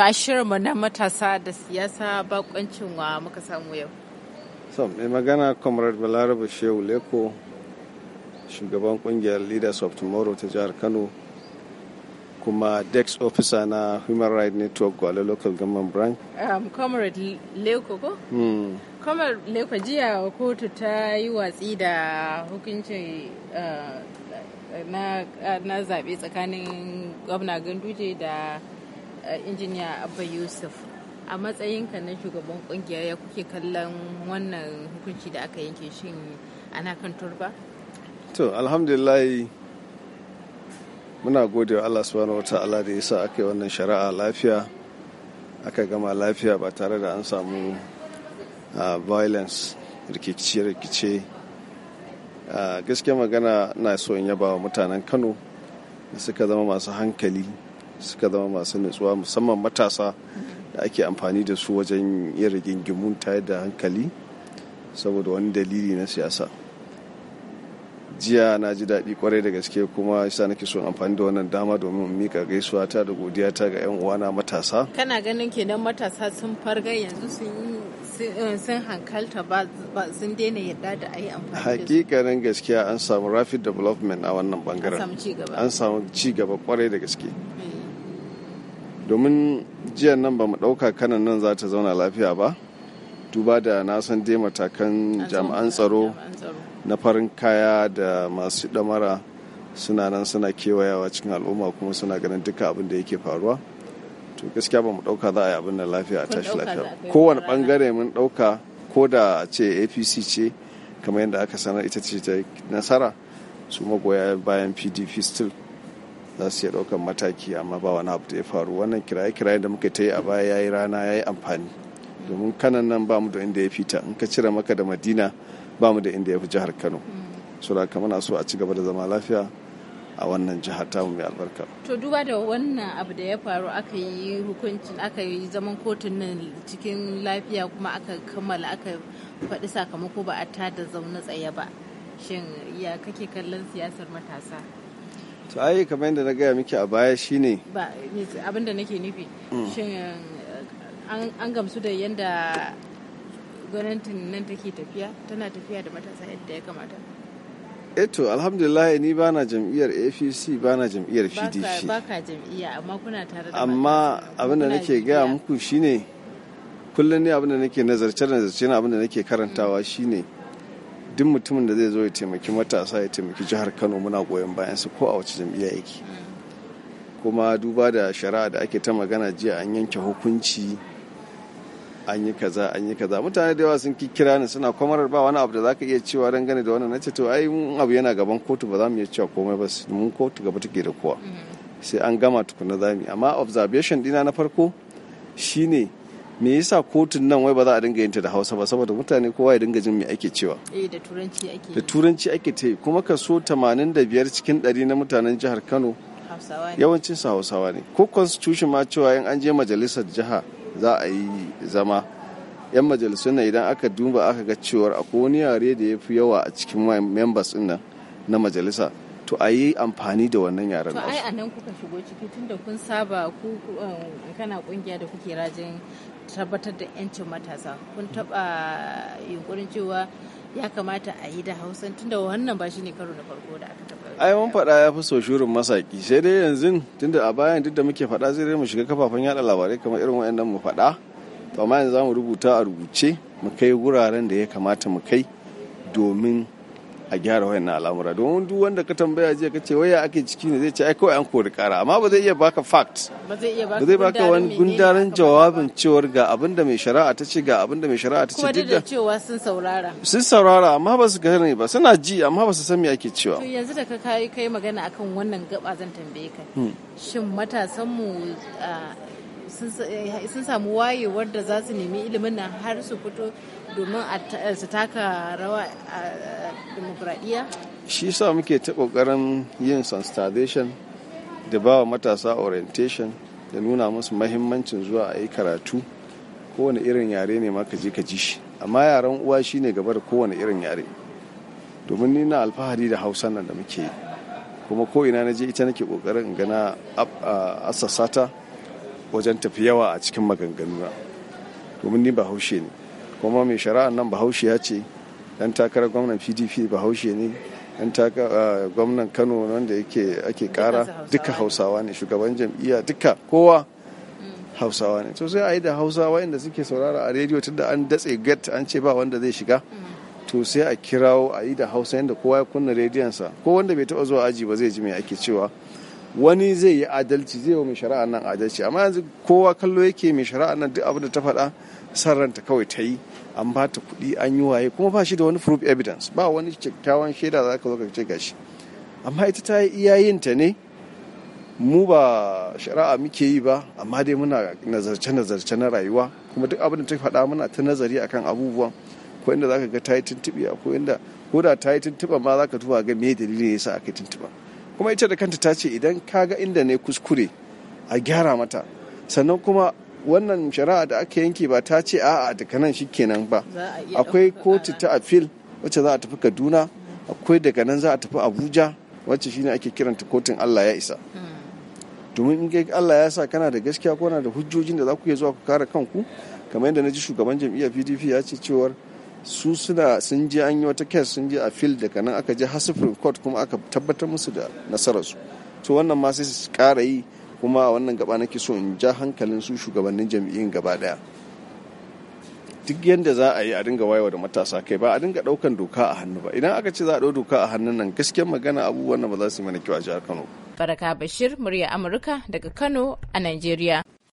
To a shirinmu na matasa da siyasa bakoncin wa muka samu yau. So, mai magana Comrade Balarabe Shehu Leko, shugaban kungiyar Leaders of Tomorrow ta jihar Kano, kuma Dex Officer na Human Rights Network Gwale Local Government Branch. Um, Comrade Leko ko? Hmm. Comrade Leko jiya kotu ta yi watsi da hukuncin uh, na, na zaɓe tsakanin gwamna Ganduje da Eh, injiniya abba yusuf a matsayinka na shugaban kungiya ya kuke kallon wannan hukunci da aka yanke shi ana kan turba to alhamdulillah muna gode wa allah subhanahu wa ta'ala da yasa aka yi wannan shari'a lafiya aka gama lafiya ba tare da an samu violence rikice-rikice gaskiya magana na so in yaba wa mutanen kano da suka zama masu hankali suka zama masu nutsuwa musamman matasa da ake amfani da su wajen yin rigingimun tayar da hankali saboda wani dalili na siyasa jiya na ji daɗi kwarai da gaske kuma isa nake son amfani da wannan dama domin mika gaisuwa ta da godiya ta ga 'yan uwana matasa kana ganin kenan matasa sun farga yanzu sun yi sun hankalta ba sun daina yadda da ayi amfani hakikanin gaskiya an samu rapid development a wannan bangaren an samu ci gaba kwarai da gaske mm. domin jiya nan ba mu ɗauka kanan nan za ta zauna lafiya ba duba da na san dai matakan jami'an tsaro na farin kaya da masu ɗamara suna nan suna kewayawa cikin al'umma kuma suna ganin duka abin da yake faruwa to gaskiya ba mu ɗauka za a yi abin da lafiya a tashi lafiya kowane ɓangare mun ɗauka ko da ce apc ce kamar yadda aka sanar ita ce ta nasara su magoya bayan pdp still za su iya ɗaukan mataki amma ba wani abu da ya faru wannan kiraye-kiraye da muka ta yi a baya ya yi rana ya yi amfani domin kanan nan ba mu da inda ya fita in ka cire maka da madina ba mu da inda ya fi jihar kano mm. so da muna so a ci gaba da zama lafiya a wannan jihar tamu mai albarka to duba da wannan abu da ya faru aka yi hukuncin aka yi zaman kotun nan cikin lafiya kuma aka kammala aka faɗi sakamako ba a tada zaune tsaye ba shin ya kake kallon siyasar matasa to ai kamar yadda na gaya miki a baya shine ba abin da nake nufi mm. shin eh, an gamsu da yadda gwamnatin nan take tafiya tana tafiya da matasa yadda ya kamata eto eh alhamdulillah ni ba na jam'iyyar apc ba na jam'iyyar pdp ba ka jam'iyya amma kuna tare da amma abin nake gaya muku shine kullum ne abinda nake nazarce nazarce na abinda nake karantawa mm. shine duk mutumin da zai zo ya taimaki matasa ya taimaki jihar kano muna goyon su ko a wace jam'iyya yake kuma duba da shari'a da ake ta magana jiya an yanke hukunci an yi kaza an yi kaza mutane da yawa sun kikira ni suna kwamarar ba wani abu da zaka iya cewa dangane da wannan na to ai mun abu yana gaban kotu ba za mu iya cewa komai ba mun kotu gaba take da kowa mm-hmm. sai an gama tukuna zami amma observation dina na farko shine me yasa kotun nan wai ba za a dinga yin ta da Hausa ba saboda mutane kowa ya dinga jin me ake cewa eh, da turanci ake da turanci ake ta kuma kaso 85 cikin 100 na mutanen jihar Kano yawancin su Hausawa ne ko constitution ma cewa in an je majalisar jiha za a yi zama yan majalisun na idan aka duba aka ga cewar akwai wani yare da ya fi yawa a cikin members din nan na majalisa to a yi amfani da wannan yaren To ai a nan kuka shigo ciki tunda kun saba ku um, kana kungiya da kuke rajin tabbatar da 'yancin matasa kun taba yunkurin cewa ya kamata a yi da hausan tunda wannan ba shi ne karo na farko da aka taba ai mun faɗa ya fi so shurin masaki sai dai yanzu tunda a bayan duk da muke faɗa zai mu shiga kafafen yada labarai kamar irin wayannan mu faɗa to amma yanzu za mu rubuta a rubuce mu kai wuraren da ya kamata mu kai domin a gyara wayannan al'amura don duk wanda ka tambaya jiya ka ce waya ake ciki ne zai ce ai kawai an kori kara amma ba zai iya baka fact ba zai baka wani gundarin jawabin cewar ga abin da mai shari'a ta ce ga abin da mai shari'a ta ce duk da cewa sun saurara sun saurara amma ba su ne ba suna ji amma ba su san me ake cewa to yanzu da ka kai kai magana akan wannan gaba zan tambaye ka hmm. shin matasan mu ah, Eh, eh, sun samu wayewar da za su nemi ilimin nan har su fito domin eh, su taka rawa a demokradiyya? shi sa muke ta ƙoƙarin yin sensitization da ba wa matasa orientation da nuna musu mahimmancin zuwa a yi karatu kowane irin yare ne ma ka je shi amma yaren uwa shine gaba da kowane irin yare domin ni na alfahari da hausa nan da muke kuma ko ina na je ita nake kokarin gana gana asasata. wajen tafi yawa a cikin maganganu na domin ni bahaushe ne kuma mai shari'a nan bahaushe ya ce dan takarar gwamnan pdp bahaushe ne dan gwamnan kano wanda yake ake kara duka hausawa ne shugaban jam'iyya duka kowa mm. hausawa ne to sai a yi da hausawa inda suke saurara a rediyo tunda an datse gat an ce ba wanda zai shiga mm. to sai a kirawo a yi da hausa yadda kowa ya kunna rediyonsa ko wanda bai taba zuwa aji ba zai ji mai ake cewa wani zai yi adalci zai wa mai shari'a nan adalci amma yanzu kowa kallo yake mai shari'a nan duk abin da ta faɗa san ranta kawai ta yi an ba ta kuɗi an yi waye kuma ba shi da wani proof evidence ba wani kyakkyawan shaida za ka zo ka ce gashi amma ita ta yi iyayinta ne mu ba shari'a muke yi ba amma dai muna nazarce-nazarce na rayuwa kuma duk abin da ta faɗa muna ta nazari akan abubuwan ko inda za ka ga ta yi tuntuɓe ko inda ko da ta yi tuntuɓa ma za ka tuba ga me dalilin ya sa aka tuntuɓa kuma ita da kanta ta ce idan ka ga inda ne kuskure a gyara mata sannan kuma wannan shari'a da aka yanke ba ta ce a'a daga nan kenan ba akwai kotu ta afil wacce za a tafi kaduna akwai daga nan za a tafi abuja wacce shi ne ake kiranta kotun allah ya isa hmm. domin in kai allah ya sa kana da gaskiya ko na da hujjojin da za ku iya zuwa ku kare kanku kamar yadda na ji shugaban jam'iyyar pdp ya ce cewar su suna sun je an yi wata kes sun je a fil daga nan aka je har supreme court kuma aka tabbatar musu da nasararsu to wannan ma sai su kara yi kuma a wannan gaba nake so in ja hankalin su shugabannin jam'iyyin gaba daya duk yadda za a yi a dinga wayewa da matasa kai ba a dinga daukan doka a hannu ba idan aka ce za a dau doka a hannun nan gaskiyar magana abubuwan ba za su yi mana kyau a jihar Kano Baraka Bashir murya Amurka daga Kano a Najeriya